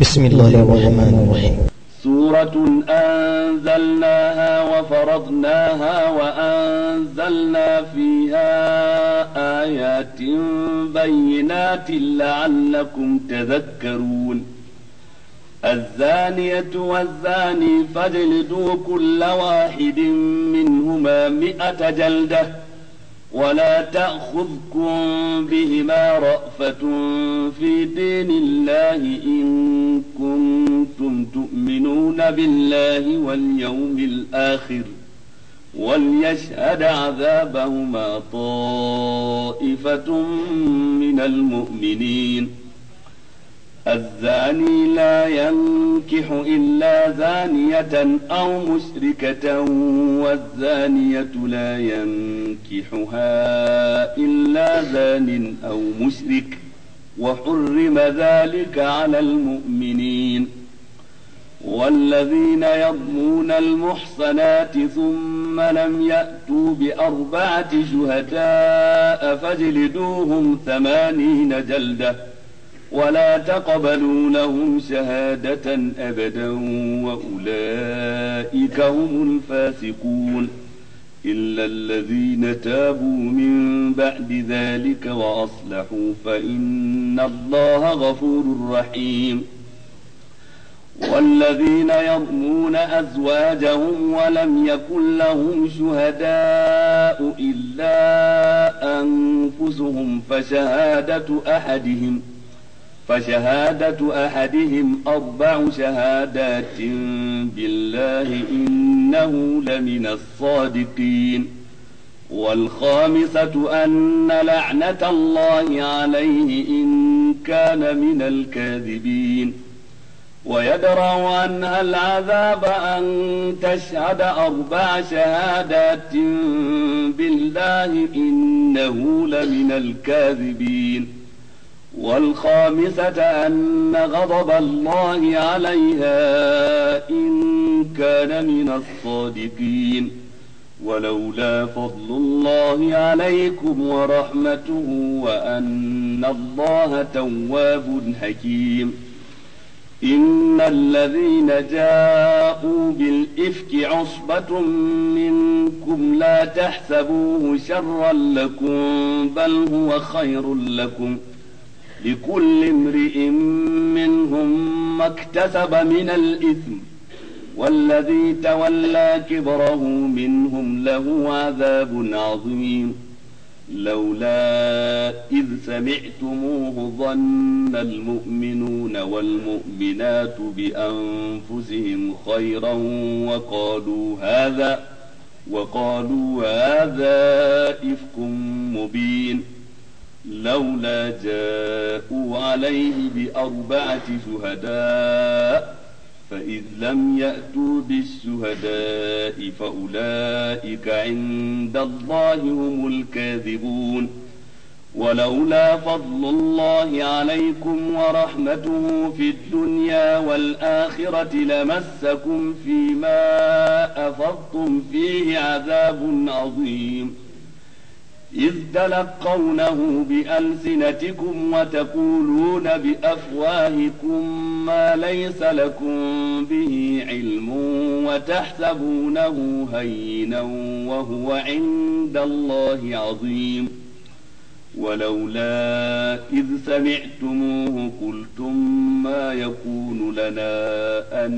بسم الله الرحمن الرحيم سورة أنزلناها وفرضناها وأنزلنا فيها آيات بينات لعلكم تذكرون الزانية والزاني فاجلدوا كل واحد منهما مئة جلده ولا تأخذكم بهما رأفة في دين الله إن كنتم تؤمنون بالله واليوم الآخر وليشهد عذابهما طائفة من المؤمنين الزاني لا ينكح إلا زانية أو مشركة والزانية لا ينكحها إلا زان أو مشرك وحرم ذلك على المؤمنين والذين يضمون المحصنات ثم لم يأتوا بأربعة شهداء فاجلدوهم ثمانين جلدةً ولا تقبلوا لهم شهادة أبدا وأولئك هم الفاسقون إلا الذين تابوا من بعد ذلك وأصلحوا فإن الله غفور رحيم والذين يرمون أزواجهم ولم يكن لهم شهداء إلا أنفسهم فشهادة أحدهم ۖ فشهادة أحدهم أربع شهادات بالله إنه لمن الصادقين والخامسة أن لعنة الله عليه إن كان من الكاذبين ويدرع عنها العذاب أن تشهد أربع شهادات بالله إنه لمن الكاذبين والخامسة أن غضب الله عليها إن كان من الصادقين ولولا فضل الله عليكم ورحمته وأن الله تواب حكيم إن الذين جاءوا بالإفك عصبة منكم لا تحسبوه شرا لكم بل هو خير لكم ۖ لكل امرئ منهم ما اكتسب من الإثم والذي تولى كبره منهم له عذاب عظيم لولا إذ سمعتموه ظن المؤمنون والمؤمنات بأنفسهم خيرا وقالوا هذا وقالوا هذا إفك مبين لولا جاءوا عليه بأربعة شهداء فإذ لم يأتوا بالشهداء فأولئك عند الله هم الكاذبون ولولا فضل الله عليكم ورحمته في الدنيا والآخرة لمسكم فيما أفضتم فيه عذاب عظيم إذ تلقونه بألسنتكم وتقولون بأفواهكم ما ليس لكم به علم وتحسبونه هينا وهو عند الله عظيم ولولا إذ سمعتموه قلتم ما يكون لنا أن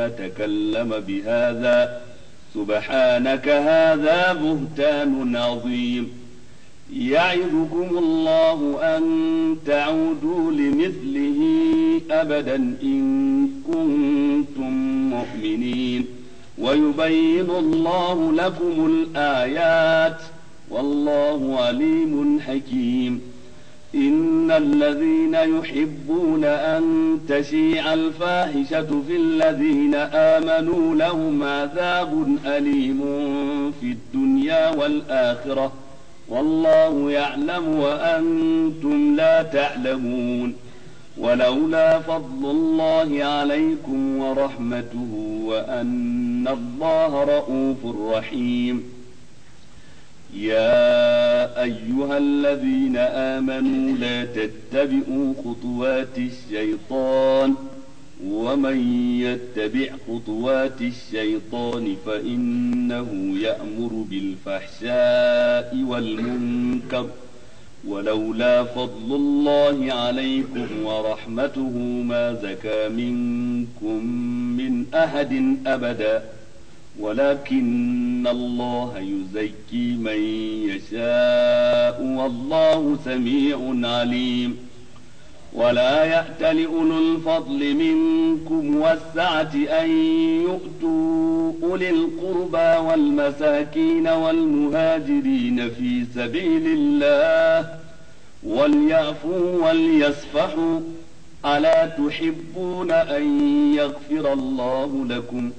نتكلم بهذا سبحانك هذا بهتان عظيم يعظكم الله أن تعودوا لمثله أبدا إن كنتم مؤمنين ويبين الله لكم الآيات والله عليم حكيم إن الذين يحبون أن تشيع الفاحشة في الذين آمنوا لهم عذاب أليم في الدنيا والآخرة والله يعلم وأنتم لا تعلمون ولولا فضل الله عليكم ورحمته وأن الله رؤوف رحيم يا أيها الذين آمنوا لا تتبعوا خطوات الشيطان ۖ ومن يتبع خطوات الشيطان فإنه يأمر بالفحشاء والمنكر ولولا فضل الله عليكم ورحمته ما زكى منكم من أحد أبدا ولكن الله يزكي من يشاء والله سميع عليم ولا يأت لأولو الفضل منكم والسعة أن يؤتوا أولي القربى والمساكين والمهاجرين في سبيل الله وليعفوا وليصفحوا ألا تحبون أن يغفر الله لكم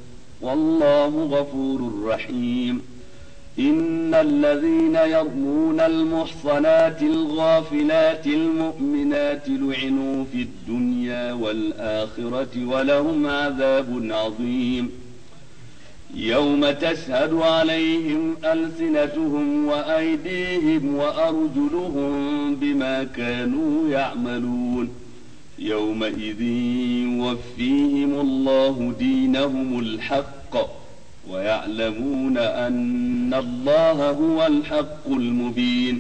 والله غفور رحيم إن الذين يرمون المحصنات الغافلات المؤمنات لعنوا في الدنيا والآخرة ولهم عذاب عظيم يوم تشهد عليهم ألسنتهم وأيديهم وأرجلهم بما كانوا يعملون يومئذ يوفيهم الله دينهم الحق ويعلمون أن الله هو الحق المبين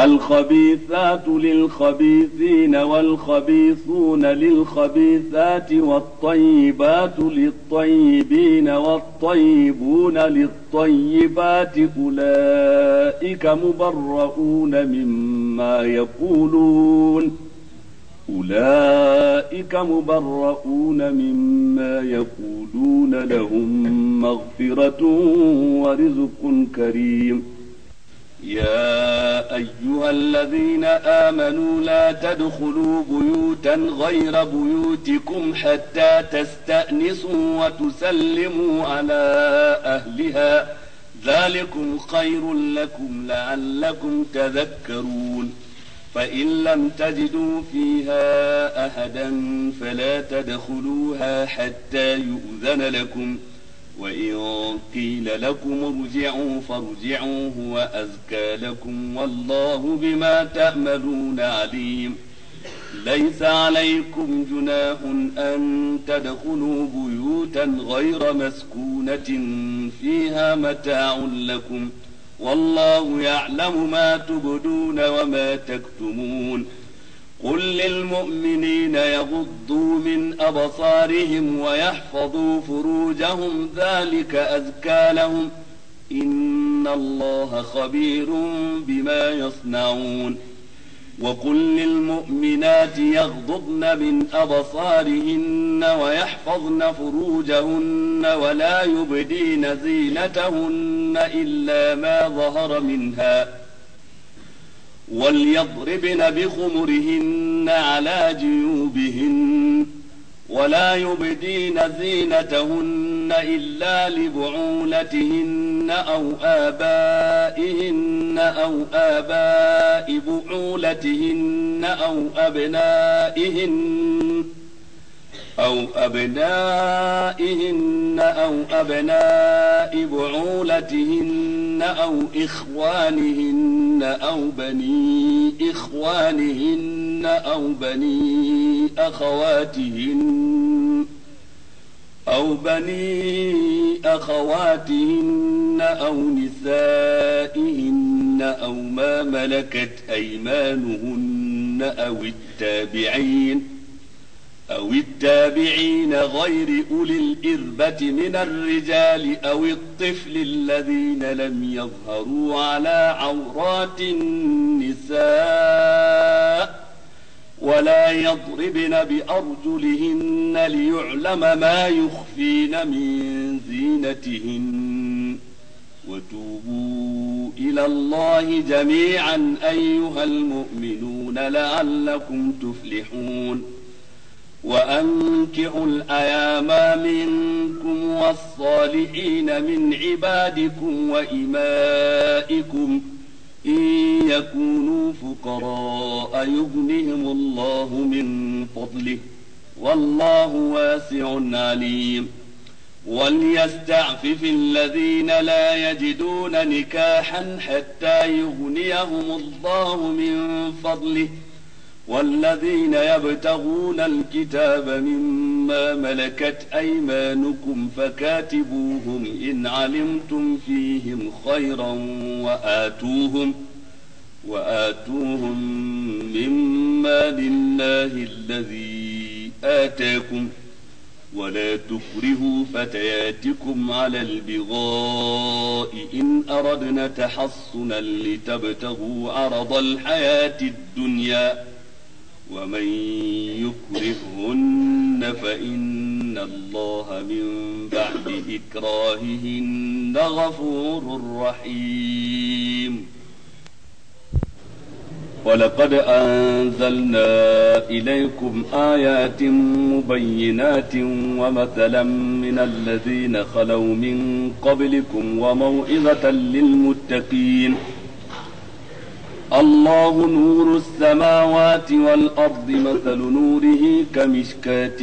الخبيثات للخبيثين والخبيثون للخبيثات والطيبات للطيبين والطيبون للطيبات أولئك مبرؤون مما يقولون أولئك مبرؤون مما يقولون لهم مغفرة ورزق كريم يا أيها الذين آمنوا لا تدخلوا بيوتا غير بيوتكم حتى تستأنسوا وتسلموا على أهلها ذلكم خير لكم لعلكم تذكرون فإن لم تجدوا فيها أحدا فلا تدخلوها حتى يؤذن لكم وإن قيل لكم ارجعوا فارجعوا هو أزكى لكم والله بما تأملون عليم ليس عليكم جناح أن تدخلوا بيوتا غير مسكونة فيها متاع لكم ۖ والله يعلم ما تبدون وما تكتمون قل للمؤمنين يغضوا من أبصارهم ويحفظوا فروجهم ذلك أزكى لهم إن الله خبير بما يصنعون وقل للمؤمنات يغضضن من أبصارهن ويحفظن فروجهن ولا يبدين زينتهن إلا ما ظهر منها وليضربن بخمرهن على جيوبهن ولا يبدين زينتهن إلا لبعولتهن أو آبائهن أو آباء بعولتهن أو أبنائهن أو أبنائهن أو أبناء بعولتهن أو إخوانهن أو بني إخوانهن أو بني أخواتهن أو بني أخواتهن أو نسائهن أو ما ملكت أيمانهن أو التابعين أو التابعين غير أولي الإربة من الرجال أو الطفل الذين لم يظهروا على عورات النساء ولا يضربن بأرجلهن ليعلم ما يخفين من زينتهن وتوبوا إلى الله جميعا أيها المؤمنون لعلكم تفلحون وأنكعوا الأيام منكم والصالحين من عبادكم وإمائكم إن يكونوا فقراء يغنهم الله من فضله والله واسع عليم وليستعفف الذين لا يجدون نكاحا حتى يغنيهم الله من فضله والذين يبتغون الكتاب مما ملكت أيمانكم فكاتبوهم إن علمتم فيهم خيرا وآتوهم وآتوهم مما لله الذي آتاكم ولا تكرهوا فتياتكم على البغاء إن أردنا تحصنا لتبتغوا عرض الحياة الدنيا ومن يكرهن فإن الله من بعد إكراههن غفور رحيم ولقد أنزلنا إليكم آيات مبينات ومثلا من الذين خلوا من قبلكم وموعظة للمتقين ۖ الله نور السماوات والأرض مثل نوره كمشكاة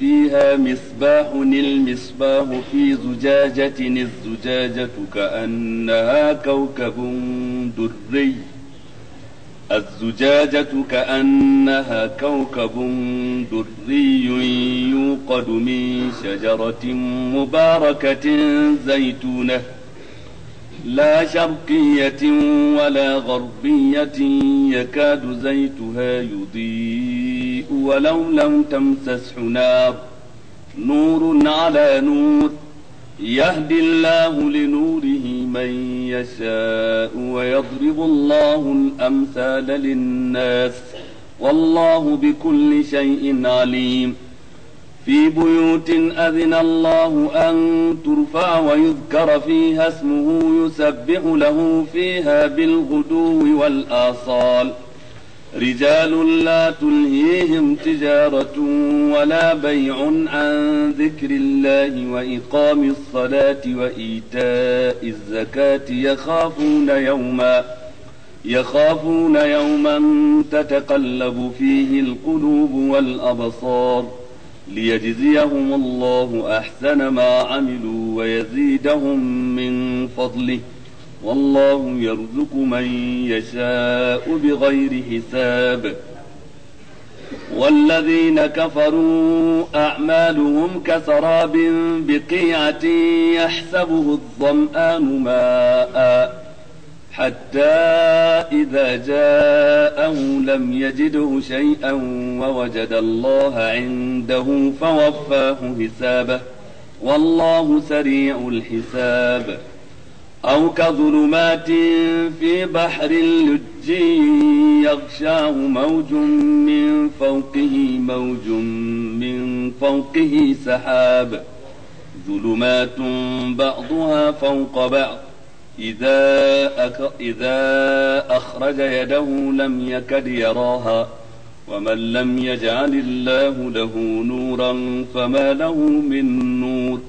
فيها مصباح المصباح في زجاجة الزجاجة كأنها كوكب دري الزجاجة كأنها كوكب دري يوقد من شجرة مباركة زيتونه لا شرقية ولا غربية يكاد زيتها يضيء ولو لم تمسس نار نور على نور يهدي الله لنوره من يشاء ويضرب الله الأمثال للناس والله بكل شيء عليم في بيوت أذن الله أن ترفع ويذكر فيها اسمه يسبح له فيها بالغدو والآصال رجال لا تلهيهم تجارة ولا بيع عن ذكر الله وإقام الصلاة وإيتاء الزكاة يخافون يوما يخافون يوما تتقلب فيه القلوب والأبصار ليجزيهم الله أحسن ما عملوا ويزيدهم من فضله والله يرزق من يشاء بغير حساب والذين كفروا أعمالهم كسراب بقيعة يحسبه الظمآن ماءً حتى إذا جاءه لم يجده شيئا ووجد الله عنده فوفاه حسابه والله سريع الحساب أو كظلمات في بحر لج يغشاه موج من فوقه موج من فوقه سحاب ظلمات بعضها فوق بعض إذا, أك إذا أخرج يده لم يكد يراها ومن لم يجعل الله له نورا فما له من نور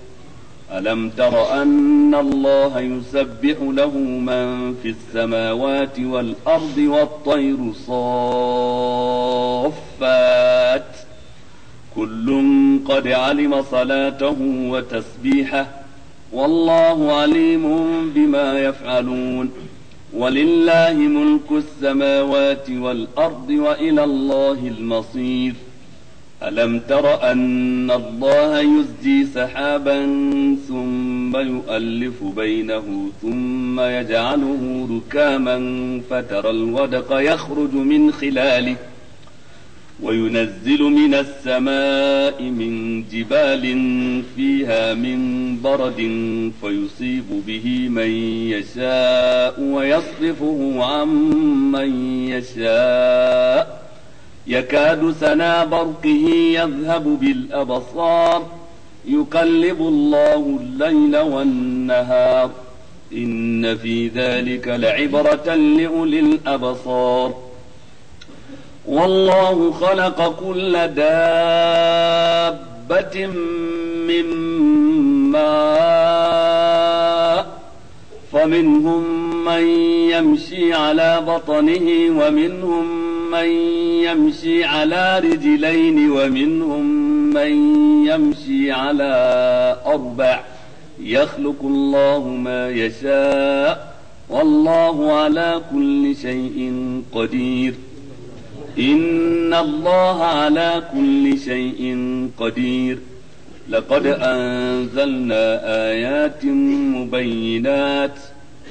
ألم تر أن الله يسبح له من في السماوات والأرض والطير صافات كل قد علم صلاته وتسبيحه والله عليم بما يفعلون ولله ملك السماوات والأرض وإلى الله المصير ألم تر أن الله يزجي سحابا ثم يؤلف بينه ثم يجعله ركاما فترى الودق يخرج من خلاله وينزل من السماء من جبال فيها من برد فيصيب به من يشاء ويصرفه عن من يشاء يكاد سنا برقه يذهب بالأبصار يقلب الله الليل والنهار إن في ذلك لعبرة لأولي الأبصار والله خلق كل دابة من ماء فمنهم من يمشي على بطنه ومنهم من يمشي على رجلين ومنهم من يمشي على أربع يخلق الله ما يشاء والله على كل شيء قدير إن الله على كل شيء قدير لقد أنزلنا آيات مبينات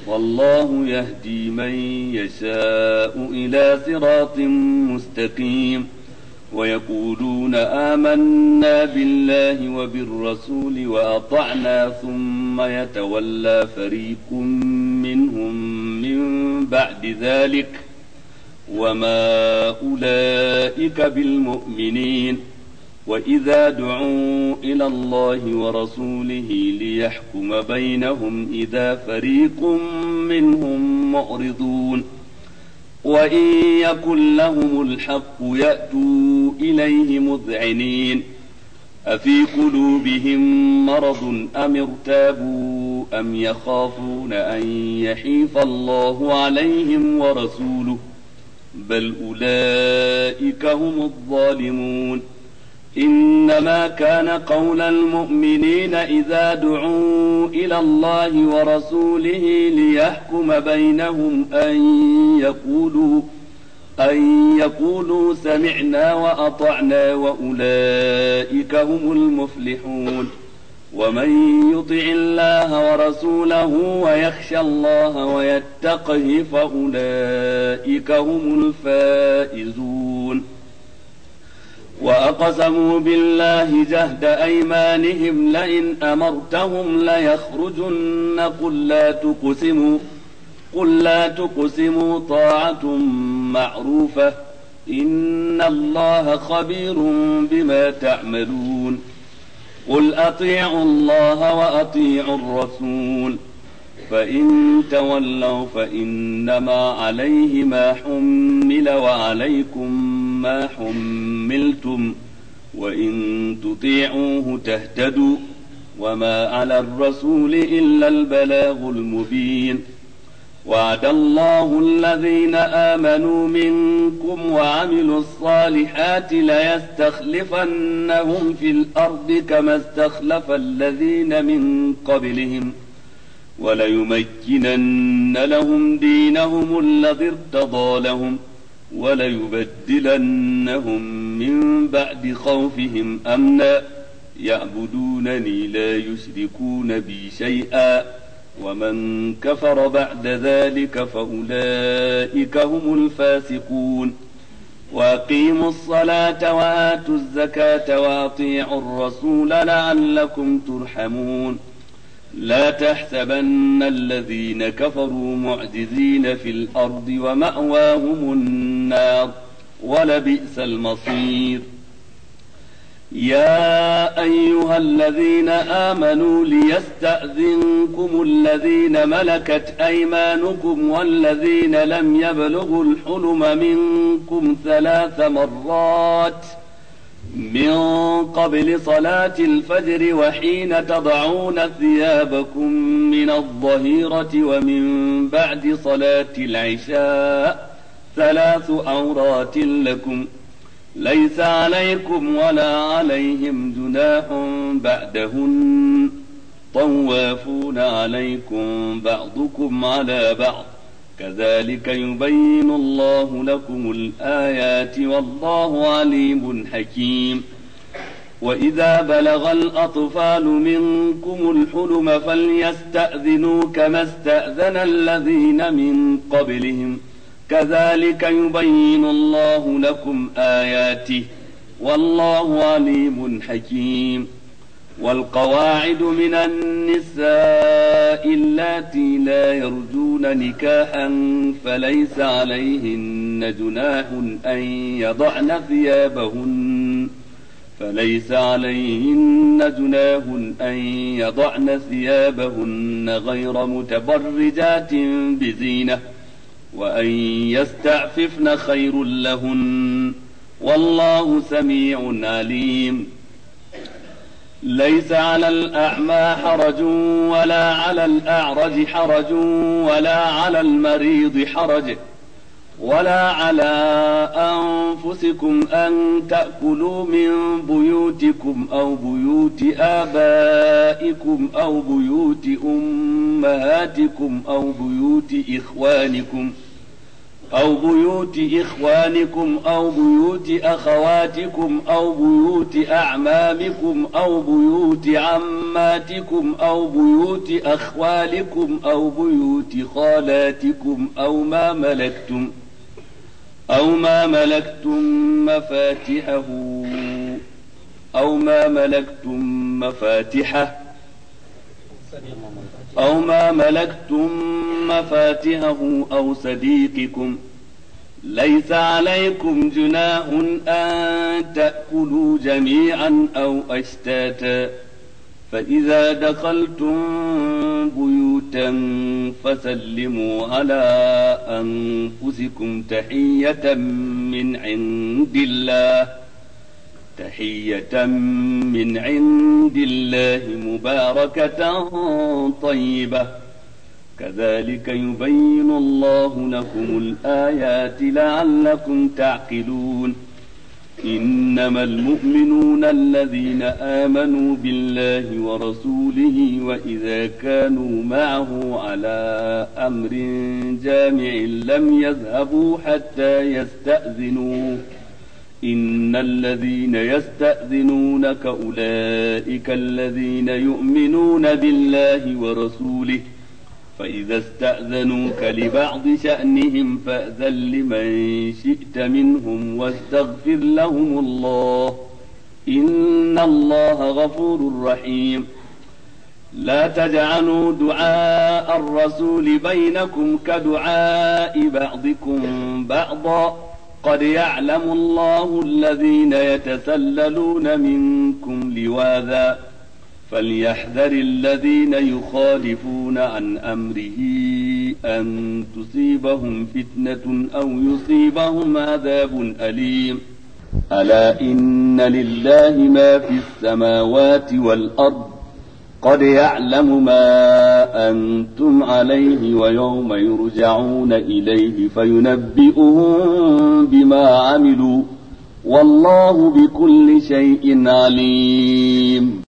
والله يهدي من يشاء إلى صراط مستقيم ويقولون آمنا بالله وبالرسول وأطعنا ثم يتولى فريق منهم من بعد ذلك ۖ وما أولئك بالمؤمنين وإذا دعوا إلى الله ورسوله ليحكم بينهم إذا فريق منهم معرضون وإن يكن لهم الحق يأتوا إليه مذعنين أفي قلوبهم مرض أم ارتابوا أم يخافون أن يحيف الله عليهم ورسوله بل أولئك هم الظالمون إنما كان قول المؤمنين إذا دعوا إلى الله ورسوله ليحكم بينهم أن يقولوا أن يقولوا سمعنا وأطعنا وأولئك هم المفلحون ومن يطع الله ورسوله ويخشى الله ويتقه فأولئك هم الفائزون وأقسموا بالله جهد أيمانهم لئن أمرتهم ليخرجن قل لا تقسموا قل لا تقسموا طاعة معروفة إن الله خبير بما تعملون قل أطيعوا الله وأطيعوا الرسول فإن تولوا فإنما عليه ما حمل وعليكم ما حملتم وإن تطيعوه تهتدوا وما على الرسول إلا البلاغ المبين وعد الله الذين آمنوا منكم وعملوا الصالحات ليستخلفنهم في الأرض كما استخلف الذين من قبلهم وليمكنن لهم دينهم الذي ارتضى لهم وليبدلنهم من بعد خوفهم أمنا يعبدونني لا يشركون بي شيئا ومن كفر بعد ذلك فأولئك هم الفاسقون وأقيموا الصلاة وآتوا الزكاة وأطيعوا الرسول لعلكم ترحمون لا تحسبن الذين كفروا معجزين في الأرض ومأواهم النار ولبئس المصير يا أيها الذين آمنوا ليستأذنكم الذين ملكت أيمانكم والذين لم يبلغوا الحلم منكم ثلاث مرات من قبل صلاة الفجر وحين تضعون ثيابكم من الظهيرة ومن بعد صلاة العشاء ثلاث أورات لكم ۖ ليس عليكم ولا عليهم جناح بعدهن طوافون عليكم بعضكم على بعض كذلك يبين الله لكم الآيات والله عليم حكيم وإذا بلغ الأطفال منكم الحلم فليستأذنوا كما استأذن الذين من قبلهم ۖ كذلك يبين الله لكم آياته والله عليم حكيم والقواعد من النساء اللاتي لا يرجون نكاحا فليس عليهن جناح أن يضعن ثيابهن فليس عليهن جناه أن يضعن ثيابهن غير متبرجات بزينه وأن يستعففن خير لهن والله سميع عليم ليس على الأعمى حرج ولا على الأعرج حرج ولا على المريض حرج ولا على أنفسكم أن تأكلوا من بيوتكم أو بيوت آبائكم أو بيوت أمهاتكم أو بيوت إخوانكم أو بيوت إخوانكم أو بيوت أخواتكم أو بيوت أعمامكم أو بيوت عماتكم أو بيوت أخوالكم أو بيوت خالاتكم أو ما ملكتم ۖ أو ما ملكتم مفاتحه أو ما ملكتم مفاتحه أو ما ملكتم مفاتحه أو صديقكم ليس عليكم جناح أن تأكلوا جميعا أو أشتاتا فإذا دخلتم بيوتا فسلموا على أنفسكم تحية من عند الله تحية من عند الله مباركة طيبة كذلك يبين الله لكم الآيات لعلكم تعقلون إنما المؤمنون الذين آمنوا بالله ورسوله وإذا كانوا معه على أمر جامع لم يذهبوا حتى يستأذنوه إن الذين يستأذنونك أولئك الذين يؤمنون بالله ورسوله ۖ فإذا استأذنوك لبعض شأنهم فأذن لمن شئت منهم واستغفر لهم الله إن الله غفور رحيم لا تجعلوا دعاء الرسول بينكم كدعاء بعضكم بعضا قد يعلم الله الذين يتسللون منكم لواذا فليحذر الذين يخالفون عن امره ان تصيبهم فتنه او يصيبهم عذاب اليم الا ان لله ما في السماوات والارض قد يعلم ما انتم عليه ويوم يرجعون اليه فينبئهم بما عملوا والله بكل شيء عليم